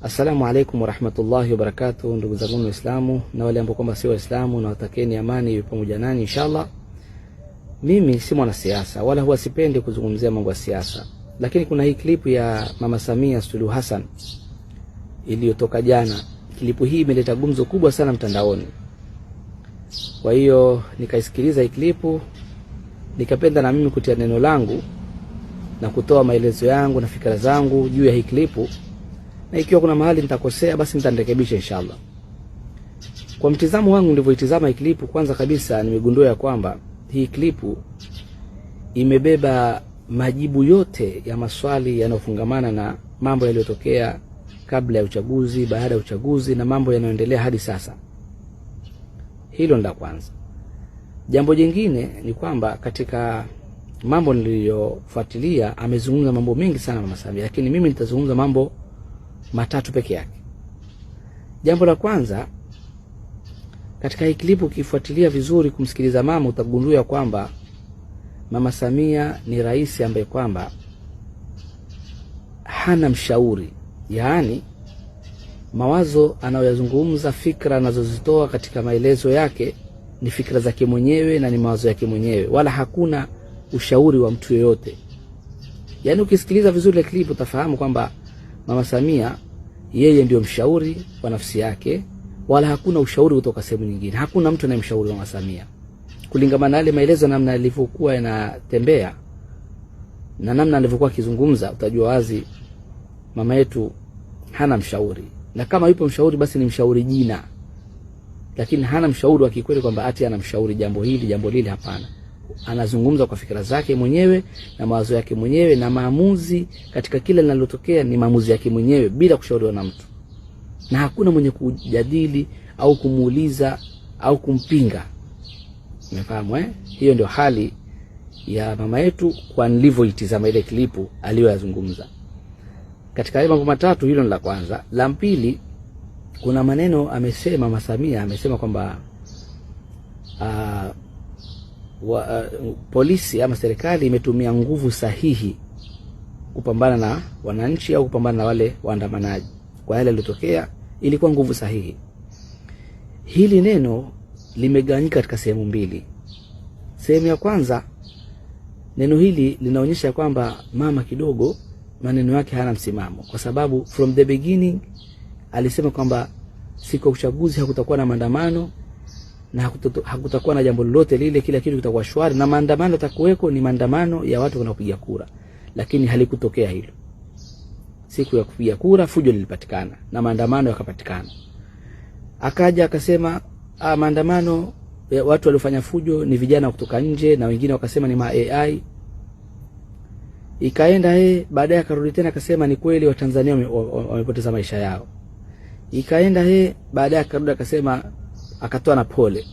Assalamu alaikum warahmatullahi wabarakatuh, ndugu zangu Waislamu na wale ambao kwamba si Waislamu, na watakieni amani iwe pamoja nanyi inshallah. Mimi si mwanasiasa wala huwa sipendi kuzungumzia mambo ya siasa, lakini kuna hii klipu ya Mama Samia Suluhu Hassan iliyotoka jana. Klipu hii imeleta gumzo kubwa sana mtandaoni, kwa hiyo nikaisikiliza hii klipu, nikapenda na mimi kutia neno langu na kutoa maelezo yangu na fikra zangu juu ya hii klipu na ikiwa kuna mahali nitakosea, basi nitanirekebisha inshallah. Kwa mtizamo wangu nilivyoitizama hii klipu, kwanza kabisa nimegundua ya kwamba hii klipu imebeba majibu yote ya maswali yanayofungamana na mambo yaliyotokea kabla ya uchaguzi, baada ya uchaguzi na mambo yanayoendelea hadi sasa. Hilo ni la kwanza. Jambo jingine ni kwamba katika mambo niliyofuatilia amezungumza mambo mengi sana Mama Samia, lakini mimi nitazungumza mambo matatu peke yake. Jambo la kwanza, katika hii klipu ukifuatilia vizuri kumsikiliza mama, utagundua kwamba Mama Samia ni rais ambaye kwamba hana mshauri, yaani mawazo anayoyazungumza, fikra anazozitoa katika maelezo yake ni fikra zake mwenyewe na ni mawazo yake mwenyewe, wala hakuna ushauri wa mtu yoyote. Yaani ukisikiliza vizuri ile klipu utafahamu kwamba Mama Samia yeye ndio mshauri wa nafsi yake, wala hakuna ushauri kutoka sehemu nyingine. Hakuna mtu anayemshauri Mama Samia kulingana na yale maelezo, namna alivyokuwa yanatembea na namna alivyokuwa akizungumza, utajua wazi mama yetu hana mshauri, na kama yupo mshauri basi ni mshauri jina, lakini hana mshauri wa kikweli kwamba ati ana mshauri jambo hili jambo lile, hapana anazungumza kwa fikira zake mwenyewe na mawazo yake mwenyewe, na maamuzi katika kila linalotokea ni maamuzi yake mwenyewe bila kushauriwa na mtu, na hakuna mwenye kujadili au kumuuliza au kumpinga. Umefahamu eh? Hiyo ndio hali ya mama yetu kwa nilivyoitizama ile klipu aliyoyazungumza. Katika mambo matatu, hilo ni la kwanza. La pili, kuna maneno amesema Mama Samia amesema kwamba uh, wa, uh, polisi ama serikali imetumia nguvu sahihi kupambana na wananchi au kupambana na wale waandamanaji. Kwa yale yaliyotokea, ilikuwa nguvu sahihi. Hili neno limegawanyika katika sehemu mbili. Sehemu ya kwanza, neno hili linaonyesha kwamba mama kidogo maneno yake hana msimamo, kwa sababu from the beginning alisema kwamba siku ya uchaguzi hakutakuwa na maandamano na hakutakuwa na jambo lolote lile, kila kitu kitakuwa shwari, na maandamano yatakuweko, ni maandamano ya watu wanaopiga kura, lakini halikutokea hilo. Siku ya kupiga kura fujo lilipatikana na maandamano yakapatikana. Akaja akasema ah, maandamano ya watu waliofanya fujo ni vijana kutoka nje, na wengine wakasema ni ma AI. Ikaenda yeye baadaye akarudi tena akasema ni kweli Watanzania wamepoteza maisha yao. Ikaenda yeye baadaye akarudi akasema akatoa na pole,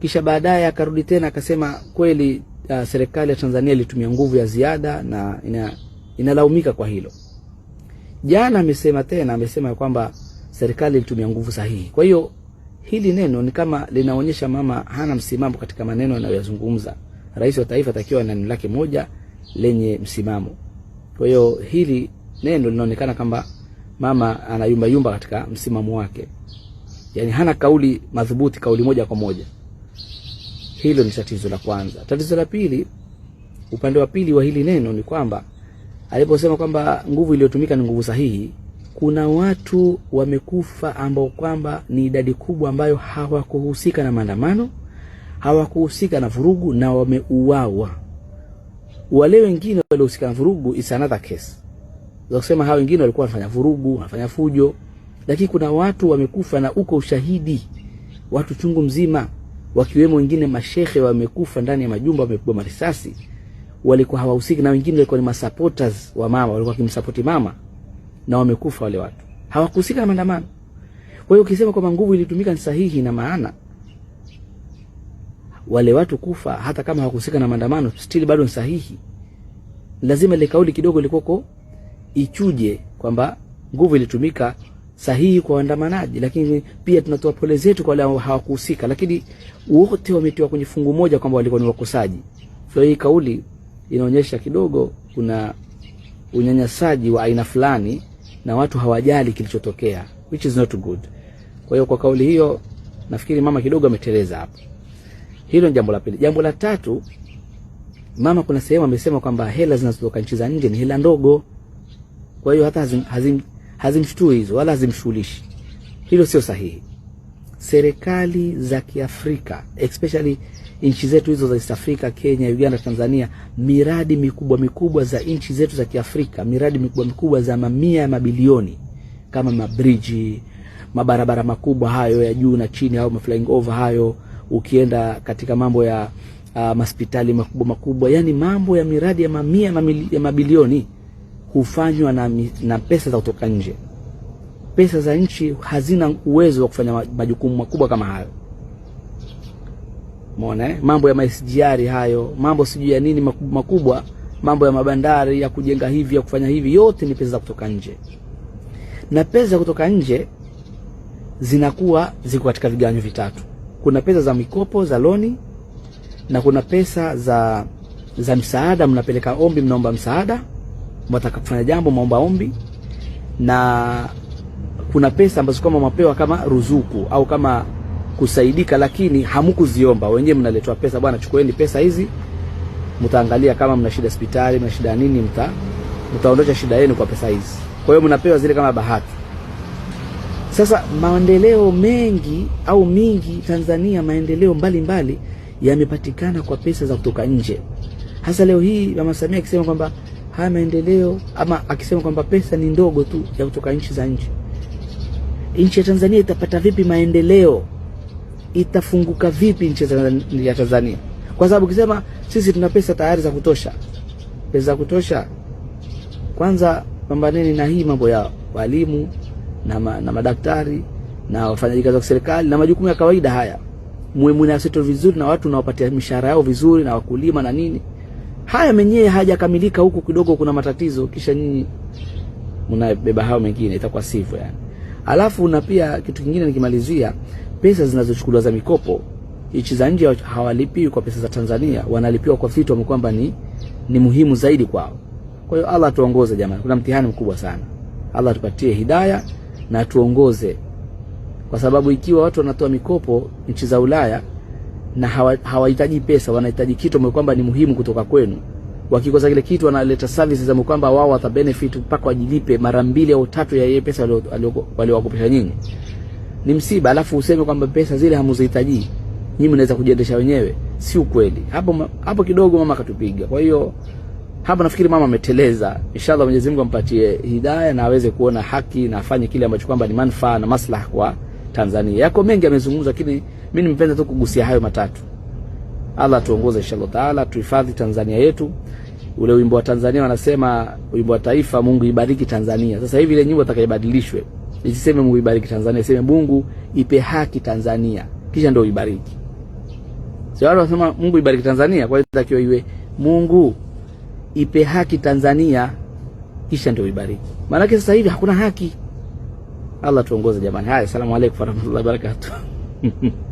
kisha baadaye akarudi tena akasema kweli, uh, serikali ya Tanzania ilitumia nguvu ya ziada na ina, inalaumika kwa hilo. Jana amesema tena, amesema kwamba serikali ilitumia nguvu sahihi. Kwa hiyo hili neno ni kama linaonyesha mama hana msimamo katika maneno anayoyazungumza. Rais wa taifa atakiwa na neno lake moja lenye msimamo. Kwa hiyo hili neno linaonekana kama mama anayumbayumba katika msimamo wake yani hana kauli madhubuti, kauli moja kwa moja. Hilo ni tatizo la kwanza. Tatizo la pili, upande wa pili wa hili neno ni kwamba aliposema kwamba nguvu iliyotumika ni nguvu sahihi, kuna watu wamekufa ambao kwamba ni idadi kubwa ambayo hawakuhusika na maandamano, hawakuhusika na vurugu na wameuawa. Wale wengine waliohusika na vurugu, is another case za kusema hao wengine walikuwa wanafanya vurugu, wanafanya fujo lakini kuna watu wamekufa na uko ushahidi, watu chungu mzima, wakiwemo wengine mashehe wamekufa ndani ya majumba, wamepigwa marisasi, walikuwa hawahusiki, na wengine walikuwa ni masupporters wa mama, walikuwa wakimsapoti mama na wamekufa wale watu, hawakuhusika na maandamano. Kwa hiyo ukisema kwamba nguvu ilitumika ni sahihi, na maana wale watu kufa hata kama hawakuhusika na maandamano, still bado ni sahihi. Lazima ile kauli kidogo ilikoko ichuje kwamba nguvu ilitumika sahihi kwa waandamanaji, lakini pia tunatoa pole zetu kwa wale ambao hawakuhusika, lakini wote wametiwa kwenye fungu moja kwamba walikuwa ni wakosaji. So hii kauli inaonyesha kidogo kuna unyanyasaji wa aina fulani na watu hawajali kilichotokea, which is not good. Kwa hiyo kwa kauli hiyo nafikiri mama kidogo ameteleza hapo. Hilo ni jambo la pili. Jambo la tatu, mama kuna sehemu amesema kwamba hela zinazotoka nchi za nje ni hela ndogo, kwa hiyo hata hazim, hazim hazimshtui hizo wala hazimshughulishi. Hilo sio sahihi. Serikali za Kiafrika especially nchi zetu hizo za East Africa, Kenya, Uganda, Tanzania, miradi mikubwa mikubwa za nchi zetu za Kiafrika, miradi mikubwa mikubwa za mamia ya mabilioni kama mabriji, mabarabara makubwa hayo ya juu na chini, au flying over hayo, ukienda katika mambo ya uh, maspitali makubwa makubwa, yani mambo ya miradi ya mamia ya mabilioni hufanywa na, na pesa za kutoka nje. Pesa za nchi hazina uwezo wa kufanya majukumu makubwa kama hayo. Umeona eh? Mambo ya masijari hayo, mambo sijui ya nini makubwa, mambo ya mabandari ya kujenga hivi ya kufanya hivi, yote ni pesa za kutoka nje, na pesa kutoka nje zinakuwa ziko katika viganyo vitatu. Kuna pesa za mikopo za loni na kuna pesa za, za msaada. Mnapeleka ombi, mnaomba msaada mwataka kufanya jambo ombi, na kuna pesa ambazo kama mapewa kama ruzuku au kama kusaidika, lakini hamukuziomba wenyewe, mnaletwa pesa, bwana, chukueni pesa hizi, mtaangalia kama mna shida hospitali, mna shida nini, mta mtaondosha shida yenu kwa pesa hizi. Kwa hiyo mnapewa zile kama bahati. Sasa maendeleo mengi au mingi Tanzania, maendeleo mbalimbali yamepatikana kwa pesa za kutoka nje. Hasa leo hii Mama Samia akisema kwamba haya maendeleo ama akisema kwamba pesa ni ndogo tu ya kutoka nchi za nje, nchi ya Tanzania itapata vipi maendeleo? Itafunguka vipi nchi ya Tanzania? Kwa sababu ukisema sisi tuna pesa tayari za kutosha, pesa za kutosha, kwanza pambaneni na hii mambo ya walimu na, ma, na madaktari na wafanyaji kazi wa serikali na majukumu ya kawaida haya, muwe mnasettle vizuri na watu nawapatia mishahara yao vizuri na wakulima na nini haya menyewe hayajakamilika, huku kidogo kuna matatizo, kisha nyinyi mnabeba hao mengine, itakuwa sivyo yani. Alafu na pia kitu kingine nikimalizia, pesa zinazochukuliwa za mikopo nchi za nje hawalipiwi kwa pesa za Tanzania, wanalipiwa kwa vitu ambavyo kwamba ni, ni muhimu zaidi kwao. Kwa hiyo Allah tuongoze jamani, kuna mtihani mkubwa sana. Allah tupatie hidaya na tuongoze, kwa sababu ikiwa watu wanatoa mikopo nchi za Ulaya na hawahitaji hawa pesa, wanahitaji kitu ambacho kwamba ni muhimu kutoka kwenu. Wakikosa kile kitu, wanaleta services ambapo kwamba wao wata benefit mpaka wajilipe mara mbili au tatu ya ile pesa waliowakopesha nyinyi. Ni msiba, alafu useme kwamba pesa zile hamuzihitaji, nyinyi mnaweza kujiendesha wenyewe. Si ukweli. Hapo hapo kidogo mama katupiga. Kwa hiyo hapa nafikiri mama ameteleza. Inshallah Mwenyezi Mungu ampatie hidayah na aweze kuona haki na afanye kile ambacho kwamba ni manufaa na maslaha kwa Tanzania. Yako mengi yamezungumzwa, lakini mimi nimependa tu kugusia hayo matatu. Allah atuongoze inshallah taala, tuhifadhi Tanzania yetu. Ule wimbo wa Tanzania wanasema, wimbo wa taifa, Mungu ibariki Tanzania. Sasa hivi ile nyimbo atakaibadilishwe isiseme Mungu ibariki Tanzania, iseme Mungu ipe haki Tanzania, kisha ndio ibariki. Sio watu wanasema Mungu ibariki Tanzania, kwa hiyo inatakiwa iwe Mungu ipe haki Tanzania, kisha ndio ibariki. Maana sasa hivi hakuna haki. Allah tuongoze jamani. Haya, asalamu alaykum warahmatullahi wabarakatuh.